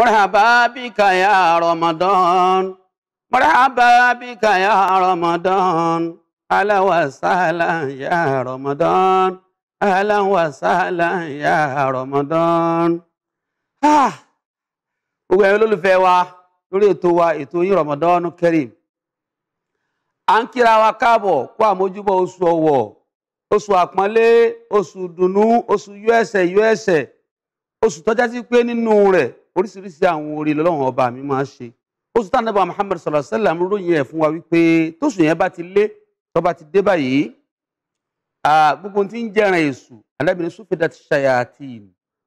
مرحبا بك يا رمضان مرحبا بك يا رمضان أهلا وسهلا يا رمضان وسهلا يا رمضان ah gbogbo ẹ̀yin olólùfẹ́ wa lórí ètò wa ètò yín Ramadan Kareem à ń wa káàbọ̀ kó àmójúbọ̀ oṣù ọ̀wọ̀ oṣù àpọ́nlé oṣù dùnú oṣù ẹsẹ̀ ẹsẹ̀ oṣù sí pé nínú oríṣiríṣi àwọn orí lọ́lọ́run ọba mi máa ṣe oṣù tá nàbà Muhammad sallallahu alayhi wa sallam ròyìn ẹ̀ fún wa wípé tóṣù yẹn bá ti lé tó bá ti dé báyìí gbogbo tí ń jẹran èṣù alábìnrin sùfẹ́dà ti ṣayatin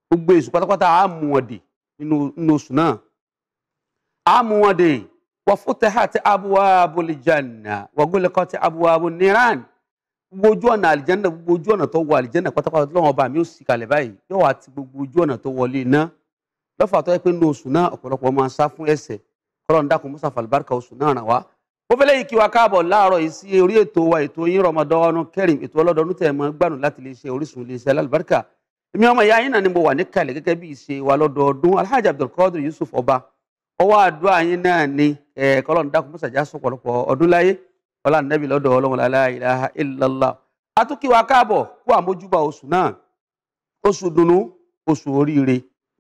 gbogbo èṣù pátápátá àmú ọ̀dẹ̀ nínú oṣù náà àmú ọ̀dẹ̀ wà futihat abwabul janna wà guliqat abwabun niran gbogbo ojú ọ̀nà àlìjánná gbogbo ojú ọ̀nà tó wọ àlìjánná pátápátá lọ́wọ́ ọba mi ó sì kalẹ̀ báyìí yóò wá ti gbogbo ojú ọ̀nà tó wọlé náà lọ́fà tó yẹ pé nínú oṣù náà ọ̀pọ̀lọpọ̀ máa sá fún ẹ̀ṣẹ̀ Ọlọ́run dákun musa falibarika oṣù náà ràn wá ó fẹ́lẹ́ yìí kí wa káàbọ̀ láàárọ̀ yìí sí orí ètò wa ètò yín Ramadan Kareem ètò ọlọ́dọọdún tẹ̀ mọ́ gbànú láti lè ṣe Orísun lè ṣe alálùbáríkà èmi ọmọ ìyá yín náà ni mo wà níkàlẹ̀ gẹ́gẹ́ bí ìṣe wa lọ́dọọdún Alhaji Abdulkadir Yusuf Ọba ọwọ́ àdúrà yín náà ni k'Ọlọ́run dákun mọ́sàájì àsopọ̀lọpọ̀ ọdún láyé ọlá nẹ́bí lọ́dọ̀ Ọlọ́run la ilaha illallah a tún kí wa káàbọ̀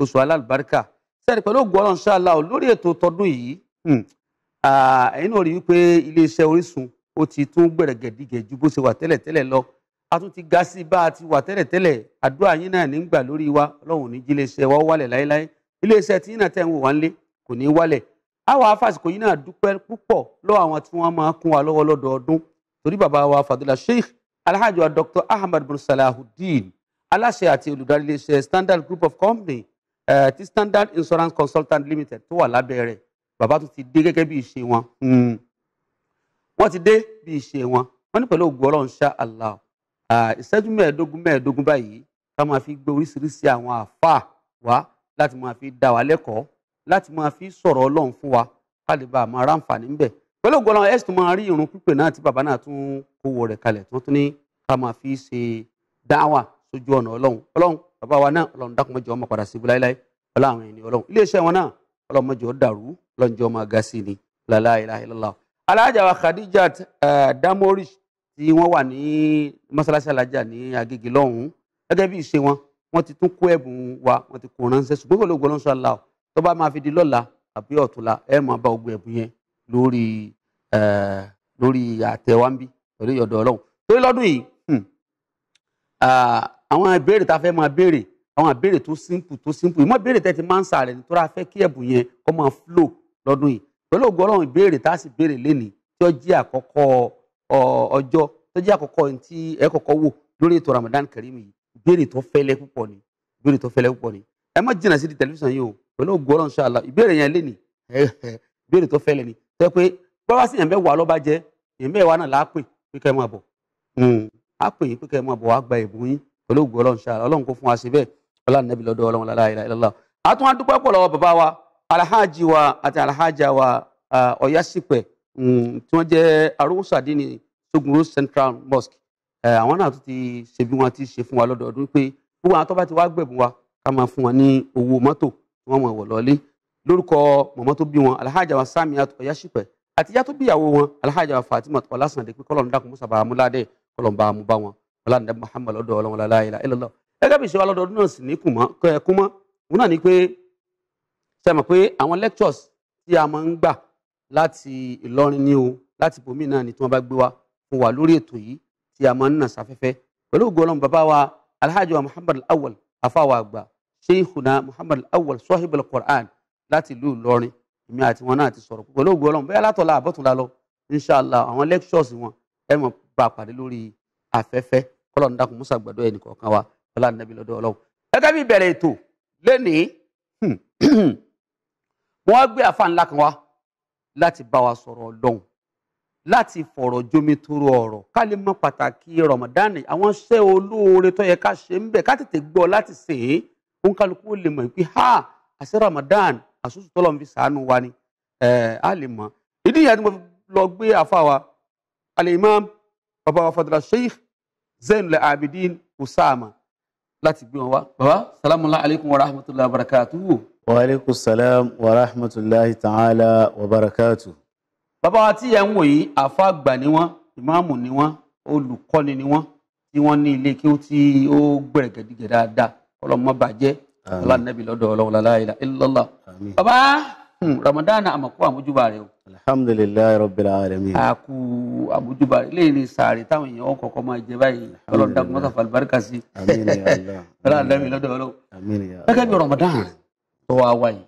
oṣù alábàárìkà sẹ́ni pẹ̀lú ògùn ọlọ́run ṣáàlà ò lórí ètò tọdún yìí hmm, ẹ̀yin náà rí wípé iléeṣẹ́ Orísun ó ti tún gbẹ̀rẹ̀gẹ̀dígẹ̀ ju bó ṣe wà tẹ́lẹ̀tẹ́lẹ̀ lọ a tún ti ga sí bá a ti wà tẹ́lẹ̀tẹ́lẹ̀ àdúrà yín náà ní lórí wa ọlọ́run ní jí iléeṣẹ́ wa wálẹ̀ láéláé iléeṣẹ́ tí yín náà tẹ̀ ń wò wá ńlé kò ní wálẹ̀ àwọn afásìkò yín náà dúpẹ́ púpọ̀ lọ́wọ́ àwọn tí wọ́n máa kún wa lọ́wọ́ lọ́dọọdún torí bàbá wa fàdúlà sheikh alhaji wa dr ahmed bin salahudeen aláṣẹ àti olùdarí iléeṣẹ́ standard group of company Eh, ti Standard Insurance Consultant Limited tó wà lábẹ́ rẹ̀ bàbá tún ti dé gẹ́gẹ́ bí ìṣe wọn hmm. wọ́n ti dé bí ìṣe wọn wọ́n ní pẹ̀lú ògùn ọlọ́run ṣá Allah ìṣẹ́jú mẹ́ẹ̀ẹ́dógún mẹ́ẹ̀ẹ́dógún báyìí ká máa fi gbé oríṣiríṣi àwọn àfáà wá láti máa fi dá wa lẹ́kọ̀ọ́ láti máa fi sọ̀rọ̀ ọlọ́run fún wa ká lè bá a máa ráǹfààní ńbẹ̀ pẹ̀lú ògùn ọlọ́run ẹ̀sìn tó máa rí irun pípé náà tí bàbá náà tún kówó rẹ̀ kalẹ̀ tí wọ́n tún ní ká máa fi ṣe dáwà sójú ọ̀nà ọlọ́run ọlọ́run bàbá wa náà ọlọ́run dákun ọmọ padà síbi láéláé ọlá àwọn ẹni ọlọ́run iléeṣẹ́ wọn náà ọlọ́mọjọ dàrú lọ́njọ́ máa ga sí ni lálá ilaha illallah alájà wa Khadijat Damorish tí wọ́n wà ní mọ́sálásí alájà ní Agége lọ́hùn-ún gẹ́gẹ́ bí ìṣe wọn wọ́n ti tún kó ẹ̀bùn wa wọ́n ti kó ránṣẹ́ ṣùgbọ́n pẹ̀lú ògbọ́n lọ́sọ̀ àlá tó bá máa fi di lọ́la àbí ọ̀túnla ẹ máa bá ogun ẹ̀bùn yẹn lórí lórí àtẹ̀wáńbí pẹ̀lú ìyọ̀dọ̀ ọlọ́run torí lọ́dún yìí hmm, àwọn ìbéèrè tá a fẹ́ máa béèrè àwọn àbèrè tó simple tó simple ìmọ̀ ìbéèrè tẹ́ ti máa ń sa rẹ̀ nítorí a fẹ́ kí ẹ̀bùn yẹn kọ́ máa flow lọ́dún yìí pẹ̀lú ògo ọlọ́run ìbéèrè tá a sì béèrè lénìí tí ó jẹ́ àkọ́kọ́ ọjọ́ tó jẹ́ àkọ́kọ́ ohun tí ẹ kọ́kọ́ wò lórí ètò Ramadan Kareem yìí ìbéèrè tó fẹ́lẹ́ púpọ̀ ni ìbéèrè tó fẹ́lẹ́ púpọ̀ ni ẹ má jìnnà sí di tẹlifíṣàn yìí o pẹ̀lú ògo ọlọ́run ṣáàlà ìbéèrè yẹn lénìí ìbéèrè tó fẹ́lẹ́ ni tó yẹ pé bọ́wá sí ẹ̀mẹ́ wà lọ́ba jẹ́ ẹ̀mẹ́ wà náà láàpè pé kẹ́ ẹ máa bọ̀ hmm, á pè yín pé kẹ́ ẹ máa bọ̀ wá gba ẹ̀bùn yín pẹ̀lú ògo ọlọ́run ṣáàlà ọlọ́run kò fún wa ṣe bẹ́ẹ̀ ọlọ́run nẹ́bí lọ́dọ̀ ọlọ́run lálá ilá ilá àtún àdúpẹ́ pọ̀ lọ́wọ́ bàbá wa alhaji wa àti alhaja wa ọ̀yásípẹ̀ mm, tí wọ́n jẹ́ arúgbóṣàdé ní Ṣógun Road Central Mosque àwọn náà tún ti ṣe bí wọ́n ti ṣe fún wa lọ́dọọdún pé gbogbo àwọn tó bá ti wá gbẹ̀bùn wa ká máa fún wọn ní owó mọ́tò tí wọ́n mọ̀ wọ̀ lọ́lé lórúkọ mọ̀mọ́ tó bí wọn alhaja wa Samiat ọ̀yásípẹ̀ àti ìyá tó bíyàwó wọn alhaja wa Fatima ọ̀làsàndé pé kọ́lọ́ọ̀dún dàkún mọ́sàbà amúládẹ́ kọ́lọ́ọ̀bà amúbá wọn ọ̀làǹdà Muhammad ọ̀dọ̀ ọlọ́wọ́n gẹ́gẹ́ bí ìṣèwà lọ́dọọdún náà sì ní kúmọ́ òun náà ni pé ṣe mọ̀ pé àwọn lectures tí a máa ń gbà láti Ìlọrin ni o láti bòmí náà ni tí wọ́n bá gbé wa fún wa lórí ètò yìí tí a máa ń nà sáfẹ́fẹ́ pẹ̀lú ògo Ọlọ́run bàbá wa alhaji wa Muhammad Al-Awwal afáwa àgbà Sheikhuna Muhammad Al-Awwal sahib al-Qur'an láti ìlú Ìlọrin èmi àti wọn náà ti sọ̀rọ̀ pẹ̀lú ògo Ọlọ́run bẹ́ẹ̀ látọ̀la àbọ̀túnla lọ inshallah àwọn lectures wọn ẹ mọ̀ bá pàdé lórí afẹ́fẹ́ kọ́lọ́ọ̀dún dákun musa gbàdúrà ẹnì kọ̀ọ̀kan wa ọlá nàbí lọ́dọ̀ Ọlọ́run gẹ́gẹ́ bí ìbẹ̀rẹ̀ ètò lénìí hmm, wọ́n gbé àfa ńlá kan wá láti bá wa sọ̀rọ̀ Ọlọ́run láti fọ̀rọ̀ jomi toro ọ̀rọ̀ ká pàtàkì Ramadan àwọn iṣẹ́ olóore tó yẹ ká ṣe ń bẹ ká tètè gbọ́ láti ṣe é òun kálukú ó lè mọ̀ pé ha àṣẹ Ramadan àṣùṣù tọ́lọ́run fi ṣàánú wa ni a lè mọ̀ ìdí ìyá tí mo fi lọ gbé àfa wa al-imam baba wa fadla sheikh Zainul Abidin Usama láti gbé wọn wá bàbá salamu alaykum wa rahmatulahi wa barakatuhu. wa aleykum salam wa rahmatulahi ta'ala wa barakatuhu. bàbá wa tí yẹn ń wò yìí àfa àgbà ni wọn ìmáàmù ni wọn olùkọ́ni ni wọn tí wọ́n ní ilé kí ó tí ó gbẹ̀rẹ̀ gẹ̀dígẹ̀ dáadáa ọlọ́mọ bàjẹ́ ọlọ́nàbí lọ́dọ̀ ọlọ́wọ́lá láìlá illallah. bàbá hmm, Ramadan àmọ̀kú àmójúbà rẹ̀ o alhamdulilayi rabbil alamin. a kú àbújúbà eléyìí ni sàárè táwọn èèyàn wọn kọ́kọ́ máa jẹ báyìí Ọlọ́run dàgbọn mọsà falibarika sí. àmín ya Allah. Ọlọ́run dàbí lọ́dọ̀ Ọlọ́run. àmín ya Allah. gẹ́gẹ́ bí Ramadan tó wá wáyé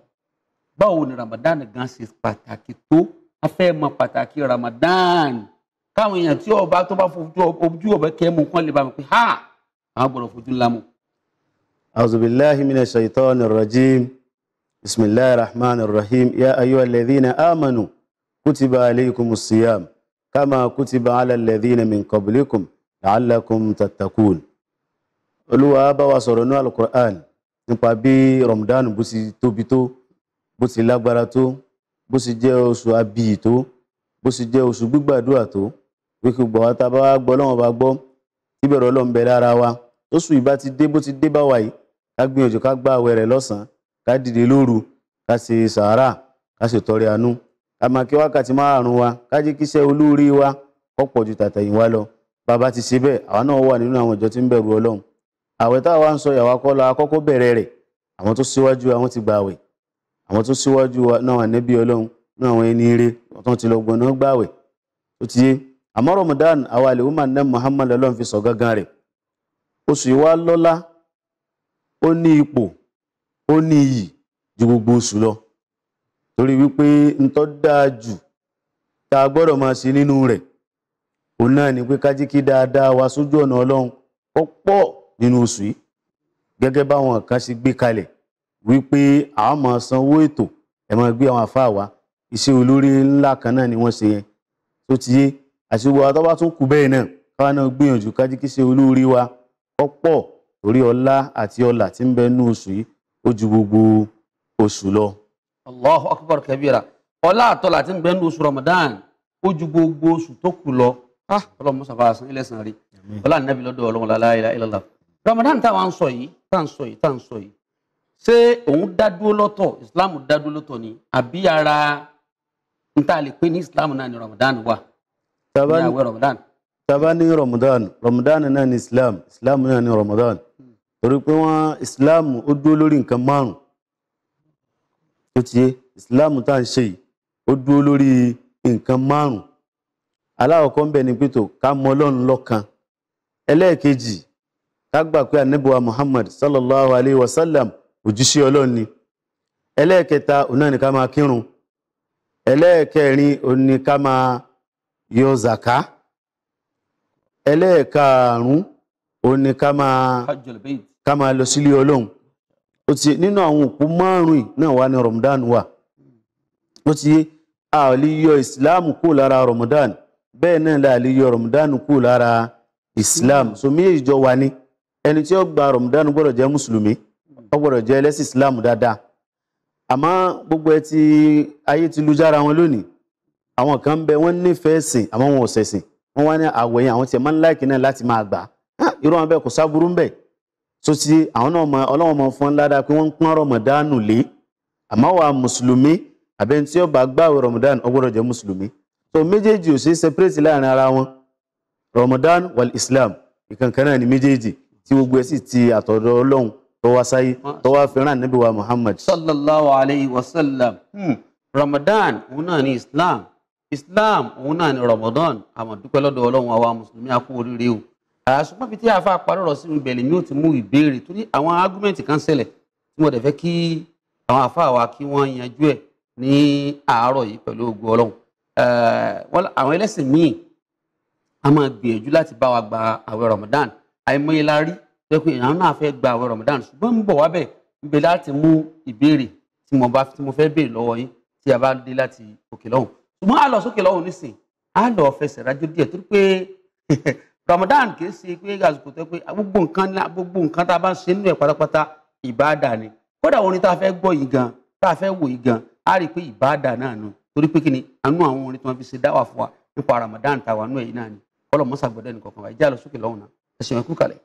báwo ni Ramadan gan ṣe pàtàkì tó a fẹ́ mọ pàtàkì Ramadan káwọn èèyàn tí ọba tó bá fojú ọbẹ kẹ mú kán lè bá mi pé ha àwọn gbọ́dọ̀ fojú ńlá mu. auzubillahi minash shaitani rajim bismillahir rahmanir rahim ya ayyuhalladhina amanu kutiba عليكم الصيام كما kutiba على الذين من قبلكم لعلكم tattaqun olúwa bá wa sọ̀rọ̀ ní alukur'an nípa bí ramadan bó ti tóbi tó bó ti lágbára tó bó ti jẹ́ oṣù abiyì tó bó ti jẹ́ oṣù gbígbàdúrà tó wíkú gbọ̀ wá tá a bá wá gbọ́ lọ́wọ́ bá gbọ́ ìbẹ̀rù ọlọ́run lára wa oṣù ìbá ti dé bó ti dé bá wa ká gbìyànjú ká gba àwẹ̀ lọ́sàn-án ká dìde lóru ká ṣe sàárà ká ṣètọrẹ àánú àmàkí wákàtí márùn wa kájí kíṣẹ́ olórí wa ọ̀pọ̀ ju tàtẹ̀yìn wa lọ bàbá ti ṣe bẹ́ẹ̀ àwa náà wà nínú àwọn ìjọ tí ń bẹ̀rù ọlọ́run àwẹ̀ táwa ń sọ ìyàwó kọ́ la bẹ̀rẹ̀ rẹ̀ àwọn tó síwájú wa wọ́n ti gbà àwẹ̀ àwọn tó síwájú wa náà wà níbi ọlọ́run náà àwọn ẹni eré wọ́n ti lọ gbọ̀nà gbà àwẹ̀ tó ti yé àmọ́ Ramadan àwa àlè umar nem Muhammad ọlọ́run fi sọ gángan rẹ̀ oṣù yìí wá lọ́lá ó ní ipò ó ní iyì ju gbogbo oṣù lọ torí wípé n tó dáa jù tá a gbọ́dọ̀ máa ṣe nínú rẹ̀ òun náà ni pé kájí kí dáadáa wá sójú ọ̀nà ọlọ́run ó pọ̀ nínú oṣù yìí gẹ́gẹ́ báwọn kan ṣe gbé kalẹ̀ wípé a máa sanwó ètò ẹ̀ máa gbé àwọn àfáà wá iṣẹ́ olórí ńlá kan náà ni wọ́n ṣe yẹn tó ti yé àṣìwò àwọn tó bá tún kù bẹ́ẹ̀ náà káwọn náà gbìyànjú kájí kí ṣe olórí wa ó pọ̀ torí ọlá àti ọlà tí ń bẹ nínú oṣù yìí ó ju gbogbo oṣù lọ. Allahu akbar kabira ọlá àtọ́lá tí ń bẹ nínú oṣù Ramadan ó ju gbogbo oṣù tó kù lọ ah. ọlọ́run musa bá a san ilẹ̀sàn rí ọlá nàbí lọ́dọ̀ ọlọ́run la ilaha illallah Ramadan táwa ń sọ yìí tá ń sọ yìí tá ń sọ yìí ṣé òun dádúró lọ́tọ̀ Islam dádúró lọ́tọ̀ ni àbí ara n ta lè pé ní Islam náà ni Ramadan wà ní àwẹ̀ Ramadan. taba ní Ramadan Ramadan náà ni Islam Islam náà ni Ramadan hmm. torí pé wọn Islam ó dúró lórí nǹkan márùn tó ti yé ìsìláàmù tá à ń ṣe yìí ó dúró lórí nǹkan márùn alákọ̀ọ́kọ́ ń bẹ ní pẹ̀tò ká mọ ọlọ́run lọ́kan ẹlẹ́ẹ̀kejì ká gbà pé anábìwá muhammad sallallahu alayhi wa sallam òjíṣẹ́ ọlọ́run ni ẹlẹ́ẹ̀kẹta òun náà ní ká máa kírun ẹlẹ́ẹ̀kẹrin òun ní ká máa yọ zaka ẹlẹ́ẹ̀karùn òun ní ká máa lọ sílé ọlọ́run ó ti nínú àwọn òpó márùn-ún náà wà ní Ramadan wà ó ti yé a ò lè yọ Islam kúrò lára Ramadan bẹ́ẹ̀ náà la lè yọ Ramadan kúrò lára Islam so méjì jọ wà ní ẹni tí ó gba Ramadan gbọ́dọ̀ jẹ́ mùsùlùmí ó gbọ́dọ̀ jẹ́ ẹlẹ́sìn Islam dáadáa àmọ́ gbogbo ẹ ti ayé ti lu jára wọn lónìí àwọn kan bẹ wọ́n nífẹ̀ẹ́ sìn àmọ́ wọn ò ṣẹ̀sìn wọ́n wá ní àwẹ̀yìn àwọn tiẹ̀ máa ń láìkì náà láti máa gbà irú wọn bẹ́ẹ̀ kò sábúrú ń bẹ́ẹ̀ so ti àwọn náà mọ ọlọ́wọ́n mọ fún ládàá pé wọ́n ń pọ́n rọmọdánù lé àmọ́ wà mùsùlùmí àbẹ́ni tí ó bá gbààwẹ̀ rọmọdánù ó gbọ́dọ̀ jẹ́ mùsùlùmí so méjèèjì ò ṣe separate láàrin ara wọn rọmọdánù wàl islam ìkankan náà ni méjèèjì tí gbogbo ẹ̀ sì ti àtọ̀dọ̀ ọlọ́run tó wá sáyé tó wá fẹ́ràn níbi wa muhammad. sallallahu alayhi wa sallam hmm. ramadan òun náà ni islam islam òun náà ni ramadan àmọ́ dúpẹ́ lọ́dọ̀ ọlọ́run àwa mùsùlùmí a kú o àṣùgbọ́n fi tí a fa parọ́rọ̀ sínú ibẹ̀lẹ̀ mi ò ti mú ìbéèrè torí àwọn ágúmẹ̀ntì kan ṣẹlẹ̀ tí mo dẹ̀ fẹ́ kí àwọn afáwa kí wọ́n yanjú ẹ̀ ní àárọ̀ yìí pẹ̀lú ogun ọlọ́run àwọn ẹlẹ́sìn míì a máa gbìyànjú láti bá wa gba àwẹ̀ Ramadan àìmọye la rí pé pé àwọn náà fẹ́ gba àwẹ̀ Ramadan ṣùgbọ́n ń bọ̀ wábẹ̀ ń bẹ láti mú ìbéèrè tí mo bá tí mo fẹ́ béèrè lọ́wọ́ yín tí a bá dé láti òkè lọ́hùn ṣùgbọ́n a lọ sókè lọ́hùn nísìn a lọ fẹsẹ̀ rájò díẹ̀ torí pé Ramadan kì í ṣe pé àsìkò tó pé gbogbo nǹkan gbogbo nǹkan tá a bá ń ṣe nínú ẹ̀ pátápátá ìbáàdà ni kódà orin tá a fẹ́ gbọ́ yìí gan tá a fẹ́ wò yìí gan á rí i pé ìbáàdà náà nù torí pé kí ni àánú àwọn orin tí wọ́n fi ṣe dáwà fún wa nípa Ramadan táwa nù ẹ̀yìn náà ni kọ́lọ̀ mọ́sàgbọ́dẹ́ nìkan kan wa ìjà lọ sókè lọ́hùn náà ẹ̀sìn ẹ̀kú kalẹ̀.